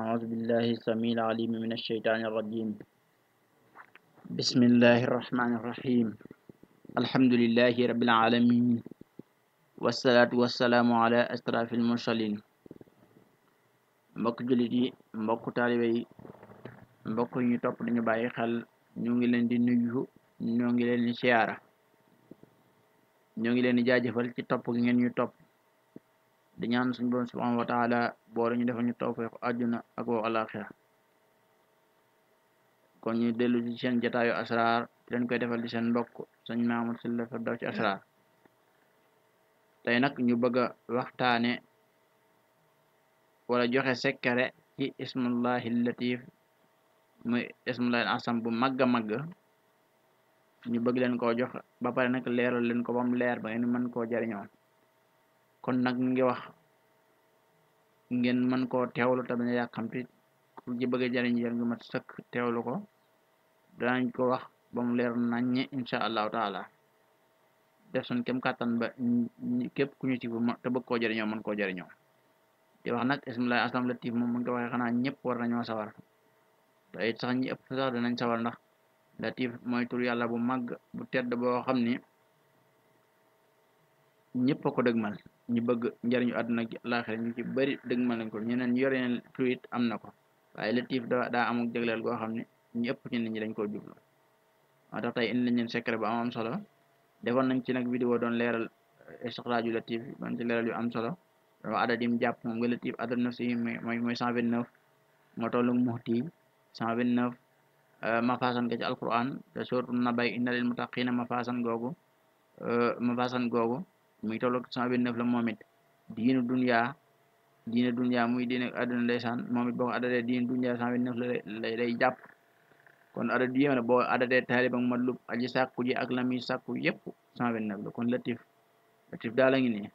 أعوذ بالله السميع العليم من الشيطان الرجيم بسم الله الرحمن الرحيم الحمد لله رب العالمين والصلاة والسلام على أشرف المرسلين مكجلي دي مكو طالبي مكو ني توپ ني باي خال نيغي لين دي نيو نيغي لين سيارا نيغي لين جاجفال سي توپ غي نيو توپ di ñaan suñu borom subhanahu wa taala bo lañu def ñu tawfiq àdduna ak al-akhirah kon ñu delu ci seen jataayu asrar di leen koy defal di seen mbokk suñu maamul si la firdaw ci asrar tay nak ñu bëgg waxtaane wala joxe sekkare ci ismullahi latif muy ismullahi asam bu magga magga ñu bëgg leen ko jox ba pare nak leral leen ko bam leer ba ñu mën ko jariñoo kon nak ngi wax ngeen man ko tewlu te bañ yakam yàkkamti ku ji bëgg a jariñ jariñ gu mat sëkk tewlu ko dañ ko wax bam leer nañ insha allah taala def sun kem katan ba kep ku ñu ci te bëgg ko jariñoo man ko jariñoo di wax nak bismillah aslam latif mo mën ko wax xana ñepp war nañu sawar da ay tax ñi ëpp sax danañ sawar ndax latif moy tur yalla bu mag bu tedd bo xamni ñepp ko dëgmal ñu bëgg njariñu àdduna ak laaxira ñu ci bëri dëgg ma lañ ko ñeneen ñu yoreen fluide am na ko waaye latif da daa amuk jagleel goo xam ne ñu ëpp ci nit ñi dañ koo jublu moo tax tey indi nañ leen secret am solo defoon nañ ci nag vidéo doon leeral eh, istixraaju latif doon ci leeral yu am solo doon adad yim jàpp moom nga latif adad nafsi yi mooy mooy cent vingt neuf moo tollu muxti cent vingt neuf eh, mafasan nga ci alquran te surtout na bay inna lil mutaqina mafasan googu eh, mafasan googu muy tolloog 129 la momit it diinu dunya diine dunya muy diine àdduna ndeysaan moom it boo ko adadee dunya 129 la lay japp kon ada diyem bo adade talib ak matlub aji sakku ji ak la sakku yep 129 la kon latif latif da la ngi ni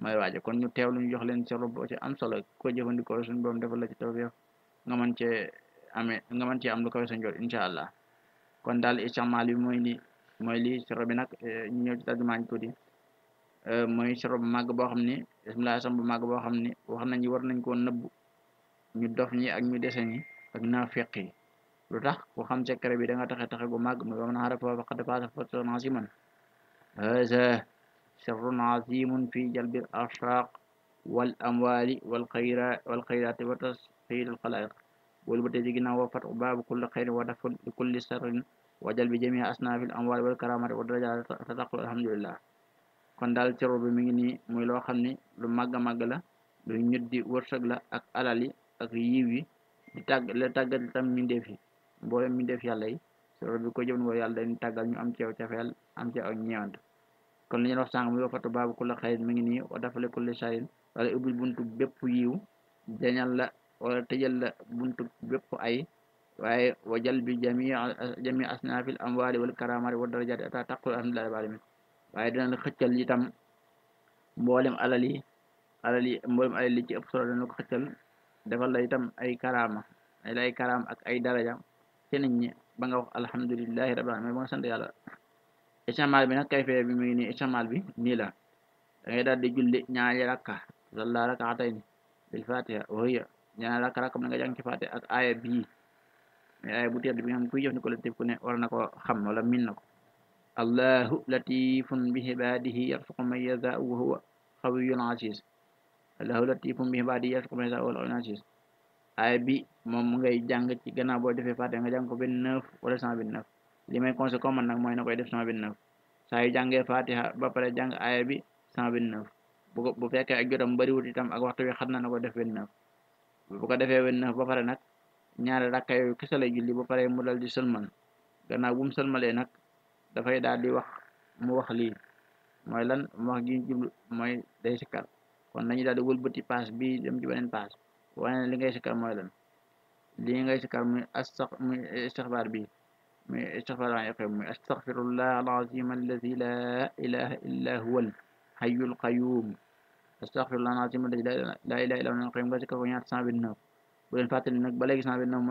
may waaje kon ñu tewlu ñu jox leen ci robbo ci am solo ko jëfandikoo suñu borom defal la ci tawfiq nga man ci amé nga man ci am lu ko sa njool inshallah kon dal ichamal bi moy ni moy li ci robbi nak eh, ñu ñëw ci tarjumaan ko di mooy soro bu màgg boo xam ne bismillah sam bu màgg boo xam ne wax nañ war nañ koo nëbb ñu dof ñi ak ñu dese ñi ak naafeq yi lu tax ku xam secret bi da nga taxe taxe gu màgg mooy wa man arafa faqad faaza fawzan aziman haza sirrun azimun fi jalbil ashraq wal amwali wal xayra wal xayrati wa tasxiil al xalaiq wolu ba tey ci ginnaaw wa fat baabu kulli xayrin wa dafu li kulli sarrin wa jalbi jamii asnaafi al amwali wal karamati wa darajaat tataqul alhamdulillah kon daal cero bi mi nii muy loo xam ne lu màgg a màgg la lu ñut di la ak alal yi ak yiw yi di tàgg la tàggat tam mindeef yi mboolem mindeef yàlla yi cero bi ko jëfandikoo yàlla dañu tàggal ñu am ceew cafeel am ci ak ñeewant kon li ñu wax sànq muy wa fatu baabu kulli xayrin mi ngi nii wa dafale kulli shayin wala ubbil buntu bépp yiw jañal la wala tëjal la buntu bépp ay waaye wa jal bi a jami asnaafil amwaali wal karamaati wa darajaati ata taqul alhamdulillahi rabbil alamin waaye dina la xëccal itam mboolem alal yi yi mboolem alal yi ci ëpp solo dana ko xëccal defal la itam ay karama ay lay karaam ak ay daraja nit ñi ba nga wax alhamdulillahi rabbil alamin ba nga sant yàlla icamal bi nag kayfee bi mu ngi nii icamal bi nii la da daal di julli ñaari rakka salla rakaatayni bil fatiha wa hiya ñaari rakka rakka na nga jàng ci fatiha ak aaya bii mais aaya bu tedd bi nga xam kuy jëfandikoo la ku ne war na ko xam wala min na ko allahu latifun bi xibaadihi yarzuqu man yazaau wa huwa xawiyul aziz allahu latifun bi huwa xawiyul aziz aaya bi moom ngay jàng ci gannaaw boo defee fàtte nga jàng ko benn neuf wala cent vingt-neuf li may conseil comme nag mooy na koy def cent vingt-neuf saa yu jàngee ba pare jàng aaya bi cent vingt-neuf bu ko bu fekkee ak jotam bariwul itam ak waxtu wi xat na na ko def vingt-neuf bu ko defee vingt-neuf ba pare nag ñaari rakka yooyu julli ba pare mu dal di sëlmal gannaaw bu nag dafay daal di wax mu wax lii mooy lan mu wax gi jublu mooy day sikkar kon nañu daal di wëlbati paas bi dem ci beneen paas waaye li ngay sikkar mooy lan li ngay sikkar muy astax muy istixfaar bi muy istixfaar an yaqim muy astaxfirullah alazim alladi la ilaha illa huwa al hayyul qayyum astaxfirullah alazim alladi la ilaha illa huwa al qayyum nga sikkar ko ñaar cent vingt bu leen fàttali nag ba léegi cent vingt-neuf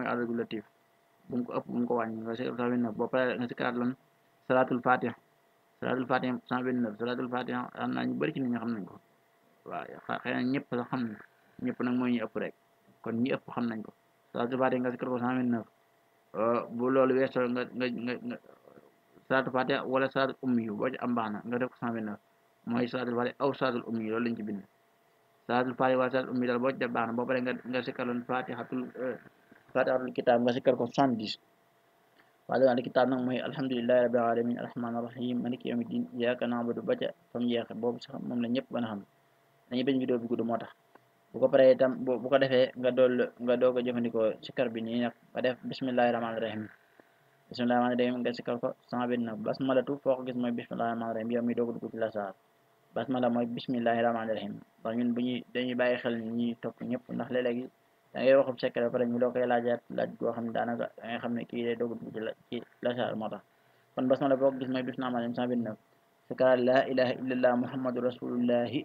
bu ko ëpp bu ko wàññi nga sikkar cent vingt pare nga sikkaraat lan salaatul fatiha salaatul fatiha cent vingt neuf salaatul fatiha am naa ñu bëri ci nit ñi xam nañ ko waaw xëy na ñëpp sax na ñëpp nag rek kon ñi xam nañ ko salaatul fatiha nga sikkar ko cent vingt neuf uh, bu loolu weesoo nga nga nga nga salaatul fatiha wala salaatul ummi yu boo ci a baax na nga def ko cent vingt neuf mooy salaatul fatiha aw salaatul ummi yu loolu lañ ci bind salaatul fatiha wala salaatul uh, kitaab nga sikkar ko soixante dix بعد ذلك تعالى موي a لله a العالمين الرحمن الرحيم مالك يوم الدين اياك نعبد باتا فم ياخ بوب sax moom la ñëpp mën a xam dañuy bañ vidéo bi gudd moo tax bu ko paree itam bu ko defee nga dool nga doog a jëfandikoo sikar bi nii nag ba def bismillahi rahmaani rahim bismillahi rahmaani rahim nga sikar ko sama benn nag basmalatu foo ko gis mooy bismillahi rahmaani rahim yow mi doog a dugg ci la saar basmala mooy bismillahi rahmaani rahim ndax ñun bu ñuy dañuy bàyyi xel ñi da ngay waxum secret ba pare ñu doo koy laajaat laaj goo xam ne daanaka da ngay xam ne kii day dogut ci la ci lasaar moo tax kon basmala boo gis mooy 129 la ilaha illallah muhammadu rasulullahi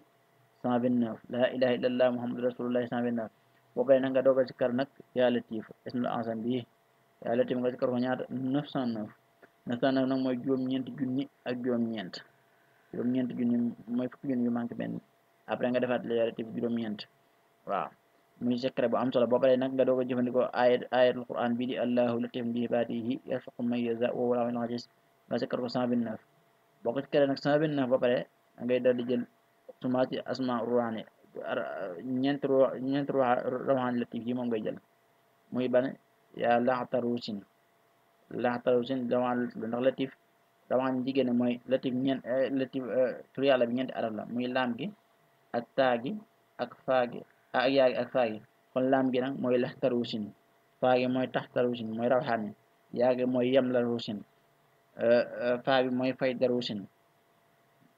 129 la ilaha illallah Muhammadur rasulullahi 129 boo koy nag nga doog a sikar nag yaa latif ismul ansam bi yaa latif nga sikar ko ñaata 909 909 nag mooy juróom-ñeent junni ak juróom-ñeent juróom-ñeent junni mooy fukki junni yu après nga la yaa latif juróom-ñeent waaw muy secret bu am solo boo nag nga doog a jëfandikoo ayat ayatul quran bii di allahu latifun bi ibaadihi yarzuqu man yashaa wa huwa al-'aliyyul 'aziz nga secret ko 129 boo ko secret nag 129 ba pare ngay daal di jël sumaati a ruhaani ñeent ruwa ñeent ruwa ruhaani latif yi moom nga jël muy ban yaa laxtarusin laxtarusin ruhaani latif ndax latif ruhaani jigéen mooy latif ñeent eh, latif eh, tur yàlla bi ñeenti arab la muy laam gi ak taa gi ak faa ak yaa gi ak faa gi kon laam gi nag mooy laxtar wusin faa gi mooy taxtar wusin mooy rawxaan yaa gi mooy yemlal wusin euh, euh, faa bi mooy fay dar wusin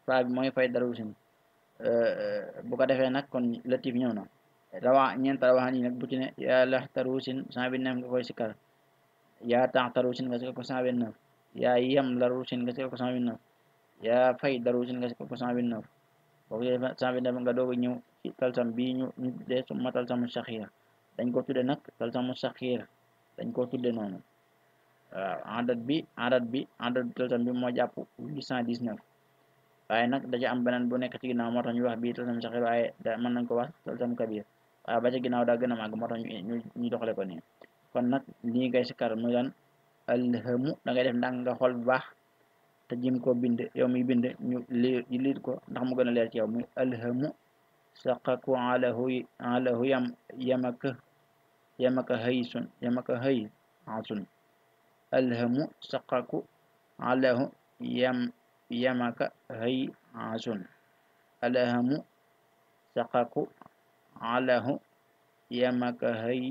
bi mooy fay dar euh, bu ko defee nag kon latif ñëw na rawa ñeent rawaxaan yi nag bu ci ne yaa laxtar wusin cent vingt-neuf nga koy sikkar yaa taxtar wusin nga sikkar ko cent vingt-neuf yaa yemlal wusin nga sikkar ko cent vingt yaa fay dar wusin nga sikkar ko cent vingt-neuf boo ko cent vingt-neuf nga doog a ci talsam bi ñu dee ma talsamu saxiir dañ ko tudde nag talsamu saxiir dañ ko tudde noonu waaw adat bi adat bi adat talsam bi moo jàpp huit cent waaye nag daja am beneen bu nekk ci ginnaaw moo tax ñu wax bii talsam saxiir waaye da mën nañ ko wax talsam kabir waaye ba ca ginnaaw daa gën a màgg moo ñu ñu doxale ko nii kon nag lii ngay sikkar muy lan alhamu da ngay def ndànk nga xool bu baax te jim ko bind yow mi bind ñu li ko ndax mu gën a leer ci yow muy alhamu saqaku alahu alahu yam yamaka yamaka haysun yamaka hay asun alhamu saqaku alahu yam yamaka hay asun alhamu saqaku alahu yamaka hay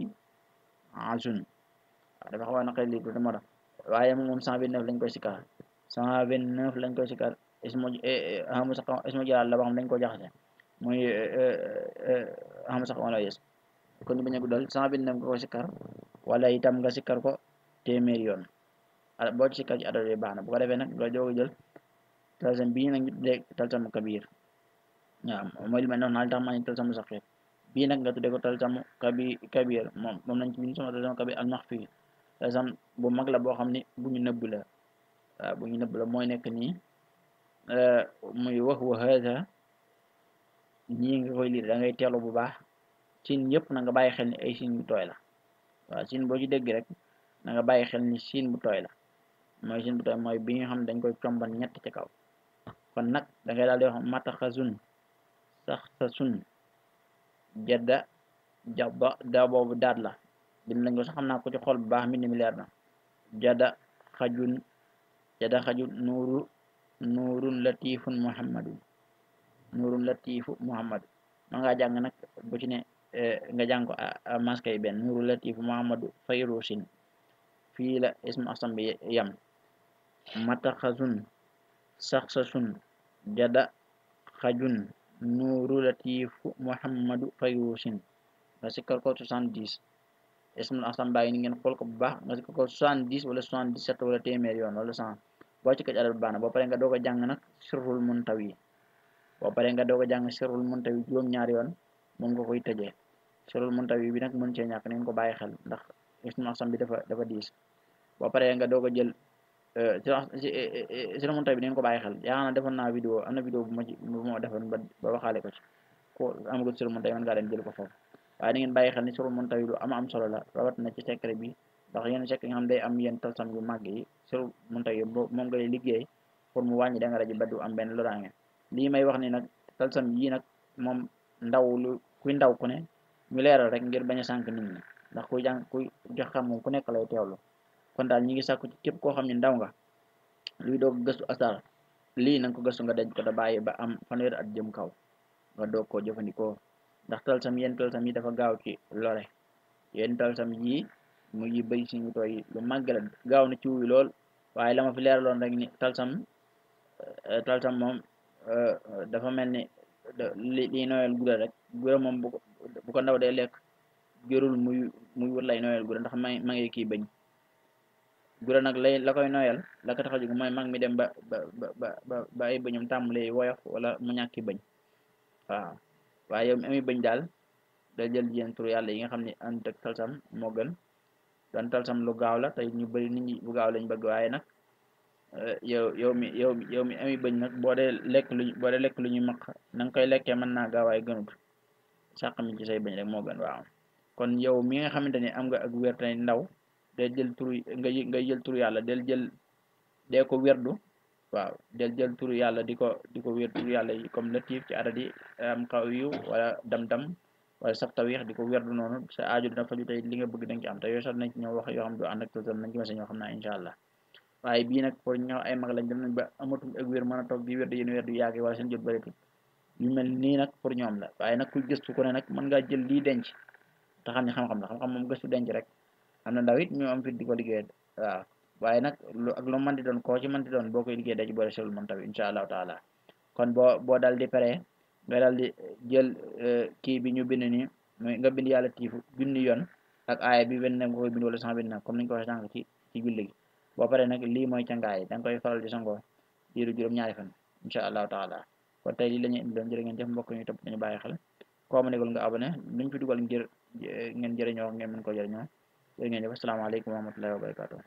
asun dafa xaw a naqari lii tuuti moo tax waaye moom cent vingt neuf lañ koy sikar cent vingt neuf lañ koy sikar ismu ismu jaal la boo xam dañ ko jaxase mooy eh, eh, eh, xam sax wala yes kon bañ a guddal cent vingt neuf nga ko sikkar wala itam nga sikkar ko téeméer yoon boo ci sikkar ci adad baax na bu de defee nag nga doog a jël talsam bii nag ñu tuddee talsam kabir waaw mooy li ma doon naan tax maa ngi talsam saxir bii nag nga tuddee ko talsam kabi kabir moom moom nañ ci bind sama talsam kabir al maxfi talsam bu mag la boo xam ne bu ñu nëbb la waaw bu ñu nëbb la mooy nekk nii muy wax wa ñi nga koy lire da ngay teelu bu baax siin yëpp na nga bàyyi xel ni ay siin bu tooy la waaw siin boo ci dégg rek na nga bàyyi xel ni siin bu tooy la mooy siin bu tooy mooy bi nga xam dañ koy combal ñett ci kaw kon nag da ngay daal di wax mataxasun sun jadda jabba da boobu daat la bind nañ ko sax xam naa ko ci xol bu baax mbind mi leer na jada xajun jada xajun nuru nuurun latifun muhammadun nurun latifu muhammadu ma nga jàng nag bu ci ne eh, nga jàng ko ah, ah, maska yi benn nurun latifu muhammadu fayrusin fii la ismu asam bi yam mataxasun saxsasun jada xajun nuru latifu muhammadu fayrusin nga sikkar ko soixante-dix ismul asam baa ngi ni ngeen ko bu baax nga sikkar ko soixante-dix wala soixante-dix-sept wala téeméer yoon wala cent boo ci ko ci adal baax nga doog a jàng nag sirrul muntawi boo pare nga doog jang sirul muntawi juróom ñaar yoon moom nga koy tejje sirul muntawi bi nak mën ci ñak nañ ko baye xel ndax ismu asam bi dafa dafa dis boo pare nga doog a jël e, e, e, sirul muntawi bi ko baye xel ya nga defal na video am na bu ma ci bu ma defal ba waxale ko ci ko amagul sirul muntawi man nga dem jël ko fofu waye na ngeen baye xel ni sirul muntawi lu am am solo la rawat na ci secret bi ndax yeen ci nga am day am tal sam yu maggi sirul sirrul muntawi moom ngay liggey pour mu wañi da nga raji ba am ben lorange lii may wax ni nag talsam yii nag moom ndaw lu kuy ndaw ku ne ñu leeral rek ngir bañ a sànk na ñi ndax kuy jàng kuy jox xam moom ku nekk lay teewlu kon daal ngi sàkku képp koo xam ne ndaw nga luy doog gëstu asar lii nanga ko gëstu nga daj ko da bàyyi ba am fanweer at jëm kaw nga doog ko jëfandikoo ndax talsam yéen talsam yi dafa gaaw ci lore yéen talsam yii mu ngi béy suñu tooy lu màgg la gaaw na ci lool waaye la ma fi leeraloon rek ni talsam talsam moom Euh, dafa mel ni lii nooyal gura rek gura moom bu ndaw dee lekk jërul muy muy wut lay nooyal gura ndax ma ma ngi kii bañ gura nag lay la koy nooyal la ko tax a jóg mi dem ba ba ba ba ba ay bañum tàmbalee woyof wala mu ñàkki bañ waaw waaye yow mi ami bañ daal da jël jigéen tur yàlla yi nga xam ne ànd ak talsam moo gën doon talsam lu gaaw la te ñu bari nit ñi bu gaaw lañ bëgg waaye nag Eh, yow yow mi yow yow mi ami bañ nag boo dee lekk luñ boo dee lekk lu ñu maq na nga koy lekkee mën naa gaawaay gënut sàq mi ci say bëñ rek moo gën waaw kon yow mi nga xamante ni am nga ak wér tey ndaw del jël turu nga ngay jël turu yàlla del jël dee ko werdu waaw del jël turu yàlla di ko di ko wér turu yàlla yi comme latif ci aradi am xaw yu wala dam-dam wala sax tawix di ko werdu noonu sa aajo dina faju tey li bëgg da nga am te yooyu sax nañ ci wax yoo xam du ànd ak toosam nañ ci xam naa incha allah waaye bii nag pour ñoo ay mag lañ dem nañ ba amatuñ ak wér mën a du yàgg wala seen jot nii nag pour ñoom la waaye nak ku gëstu ko ne nag mën ngaa jël lii denc ta xam ne xam-xam la xam-xam moom gëstu denc rek am na ndaw it ñu am fit di ko liggéey waaw waaye nag lu ak lu mën di doon koo ci man di doon boo koy liggéey da ci boole selu moom tamit allahu taala kon boo boo daal di pare nga daal di jël euh, kii bi ñu bind nii muy nga bind yàlla tiifu junni yoon ak aaya bi wenn nga koy bind wala cent bind nag comme niñ ko waxee sànq ci ci julli gi boo paree nag lii mooy cangaay da nga koy faral di sango diiru juróom-ñaari fan incha allahu taala kon tey lii la ñuy indi doon jërë ngeen jëf mbokk ñu topp dañu bàyyi xel koo ma négul nga abonné luñ fi dugal ngir ngeen jëriñoo ngeen mën ko jëriñoo jërë ngeen jëf asalaamaaleykum wa rahmatullahi wa barakatuh